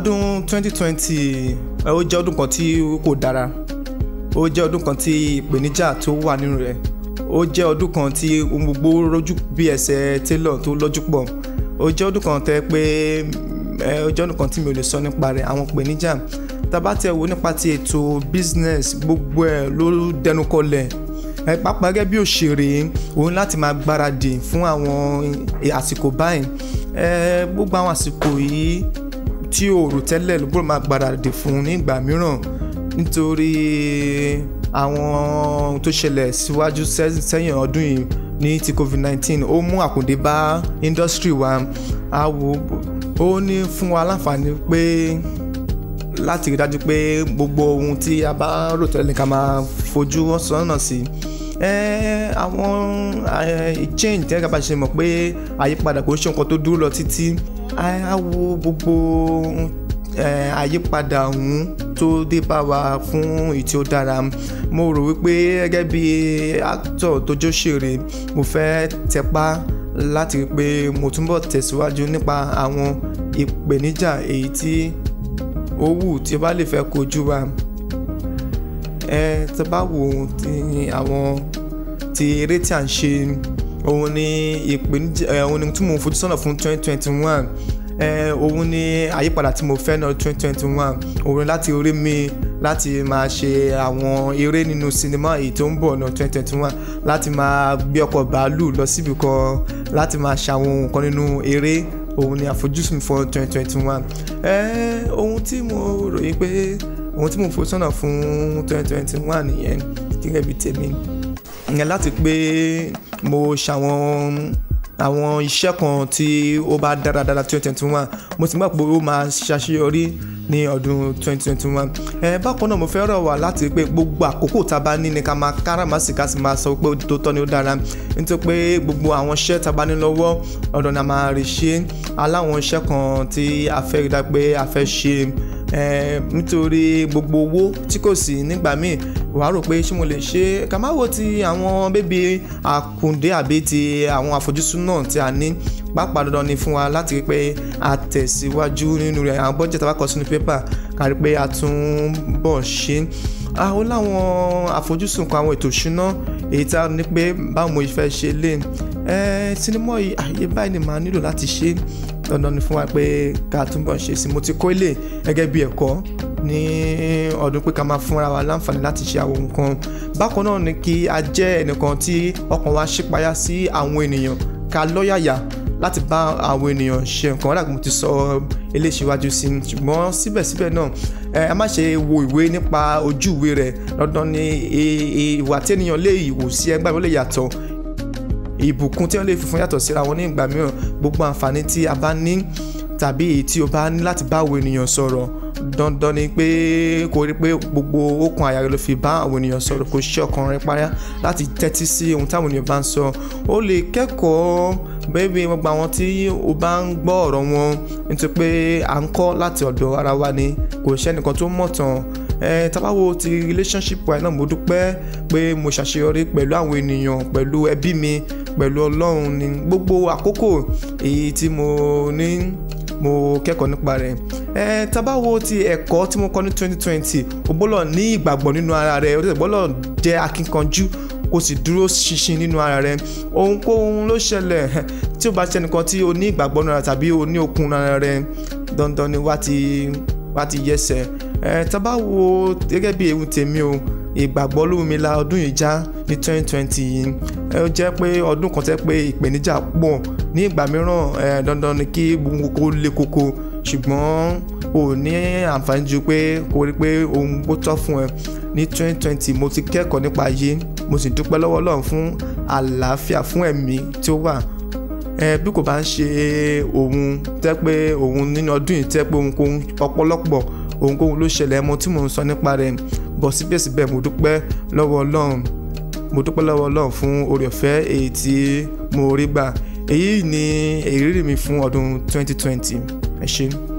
ọdún 2020 ó jẹ́ ọdún kan tí kò dára ó jẹ́ ọdún kan tí ìpèníjà tó wà nínú rẹ̀ ó jẹ́ ọdún kan tí ohun gbogbo rọjú bí ẹsẹ̀ tailor tó lọ́jú pọ̀ ó jẹ́ ọdún kan tẹ́ pé ó jẹ́ ọdún kan tí mi ò lè sọ nípa rẹ̀ àwọn ìpèníjà tábà tẹ wo nípa ti ètò business gbogbo ẹ̀ ló dẹnu kọlẹ̀ ẹ pàápàá gẹ́gẹ́ bí òṣèré òun láti máa gbáradì fún àwọn àsìkò báyìí ẹ gbogbo àwọn àsìkò yìí tí o rò tẹ́lẹ̀ ló gbọ́dọ̀ máa gbára dè fún un nígbà mìíràn nítorí àwọn ohun tó ṣẹlẹ̀ síwájú sẹ́yìn ọdún yìí ní ti covid-19 ó mú àkùdé bá industry wa àwò ó ní fún wa láǹfààní pé láti rí dájú pé gbogbo ohun tí a bá rò tẹ́lẹ̀ ká máa fojú sọ́nà sí i àwọn change tẹ́lẹ̀ kábàá ṣe mọ̀ pé àyípadà kò ṣe nǹkan tó dúró lọ títí a wo gbogbo àyípadà ọ̀hún tó dé bá wa fún ìtí ó dára mo rò wípé gẹ́gẹ́ bí actor tó jóṣèré mo fẹ́ tẹpá láti rí pé mo túbọ̀ tẹ̀síwájú nípa àwọn ìpèníjà èyí tí ó wù tí ó bá lè fẹ́ kojú wa ẹ tó bá wo ti àwọn ti eré tí à ń ṣe òun ni ìpèníjà òun ni tí mo fojú sọ́nà fún twenty twenty one òun ni àyípadà tí mo fẹ́ náà twenty twenty one òun láti orí mi láti máa ṣe àwọn eré nínú sinimá èyí tó ń bọ̀ náà twenty twenty one láti máa gbé ọkọ̀ bàálù lọ síbi kan láti máa ṣàwọn nǹkan nínú eré òun ni àfojúsùn fún twenty twenty one ohun tí mo ròyìn pé ohun tí mo fò sọ́nà fún twenty twenty one nìyẹn gẹ́gẹ́ bíi tèmi ìyẹn láti pé mo ṣàwọn àwọn iṣẹ́ kan tí ó bá dára dára twenty twenty one mo ti gbà pé ó máa ṣàṣeyọrí ní ọdún twenty twenty one ẹ bákan náà mo fẹ́ rọ̀ láti pé gbogbo àkókò tá a bá ní ni ká máa káràmásì ká sì máa sọ pé tó tọ́ ni ó dára nítorí pé gbogbo àwọn iṣẹ́ tá a bá ní lọ́wọ́ ọ̀dọ̀ náà máa rí ṣe aláwọn iṣẹ́ kan tí a fẹ́ rí dá pé a fẹ́ ṣe nítorí gbogbo owó tí kò sí nígbà míì wàá rò pé ṣé mo lè ṣe ká má wo ti àwọn bébí àkùndé àbí ti àwọn àfojúsùn náà tí a ní pàápàá dandan ni fún wa láti rí pé a tẹ̀síwájú nínú rẹ̀ àwọn bọ́jẹ̀tì àbákọ̀ sínú pépà kárí pé a tún bọ̀ ṣe àwọn láwọn àfojúsùn kan àwọn ètò ìṣúná èyí tá a ní pé báwo mo fẹ́ ṣe lé ẹ sinimá yìí àyè báyìí ni màá nílò láti ṣe dandan ni fún wa pé ká túnbọ̀ ṣe sí mo ti kọ́ ilé gẹ́gẹ́ bí ẹ̀kọ́ ní ọdún pé ká máa fúnra wa láǹfààní láti ṣe àwọn nǹkan bákan náà ni kí a jẹ́ ẹnìkan tí ọkàn wa ṣípayá sí àwọn ènìyàn ká lọ́yàyà láti bá àwọn ènìyàn ṣe nǹkan wọn dàgbà mo ti sọ eléyìí síwájú sí i ṣùgbọ́n síbẹ̀síbẹ̀ náà ẹ a má ṣe wo ìwé nípa ojú ìwé rẹ̀ lọ́dọ̀ ni ìwà tí ènìyàn lè wò sí ẹgbẹ́ rẹ̀ lè yàtọ̀ ìbùkún tí wọ́n lè fi fún yàtọ̀ síra wọn ní ìgbà mìíràn gbogbo àǹfààní tí a bá ní tàbí èyí tí o bá ní láti bá àwọn ènìyàn sọ̀rọ̀ dandan ni pé kò rí pé gbogbo okùn àyà rẹ ló fi bá àwọn ènìyàn sọ̀rọ̀ kò ṣe ọkàn rẹ parí láti tẹ́tí sí ohun táwọn ènìyàn bá ń sọ o lè kẹ́kọ̀ọ́ bẹ́ẹ̀ni gbogbo àwọn tí o bá ń gbọ́ ọ̀rọ̀ wọn nítorí pé à ń kọ́ láti ọ̀dọ̀ ara wa ni kò sẹ́nìkan tó mọ̀ tán ẹ tabawo ti relationship wa náà mo dúpẹ́ pé mo ṣàṣeyọrí pẹ̀lú àwọn ènìyàn pẹ̀lú ẹbí mi pẹ̀lú ọlọ́run ni gbogbo àkókò èyí tí mo ní mo kẹ́kọ̀ọ́ nípa rẹ̀ ẹ tábà wo ti ẹ̀kọ́ tí mo kọ́ ní twenty twenty o gbọ́dọ̀ ní ìgbàgbọ́ nínú ara rẹ o gbọ́dọ̀ jẹ́ akínkanjú kó sì dúró ṣinṣin nínú ara rẹ ohunkóhun ló ṣẹlẹ̀ tí o bá ṣe nìkan tí o ní ìgbàgbọ́ nínú ara tàbí o ní okun ara rẹ dandan ni wá ti wá ti yẹsẹ̀ ẹ tábà wo gẹ́gẹ́ bí ewu tèmi o ìgbàgbọ́ lómìnira ọdún yìí já ní 2020 yìí ẹ jẹ́ pé ọdún kan tẹ́ pé ìpèníjà pọ̀ ní ìgbà mìíràn dandan ni kí gbogbo kó le koko ṣùgbọ́n o ní àǹfààní ju pé kò rí pé ohun tó tọ́ fún ẹ ní 2020 mo ti kẹ́kọ̀ọ́ nípa ayé mo sì dúpẹ́ lọ́wọ́ Ọlọ́run fún àlàáfíà fún ẹ̀mí tí ó wà bí kò bá ń ṣe òun tẹ́ pé òun nínú ọdún yìí tẹ́ pé òun kò ọ̀pọ̀lọpọ̀ òun kò ló ṣẹlẹ̀ ẹmọ tí mò ń sọ nípa rẹ̀ bọ̀ síbẹ̀síbẹ̀ mo dúpẹ́ lọ́wọ́ ọlọ́run mo dúpẹ́ lọ́wọ́ ọlọ́run fún oore ọ̀fẹ́ èyí tí mo rí gbà èyí ni ìrírí mi fún ọdún 2020 ẹ ṣé.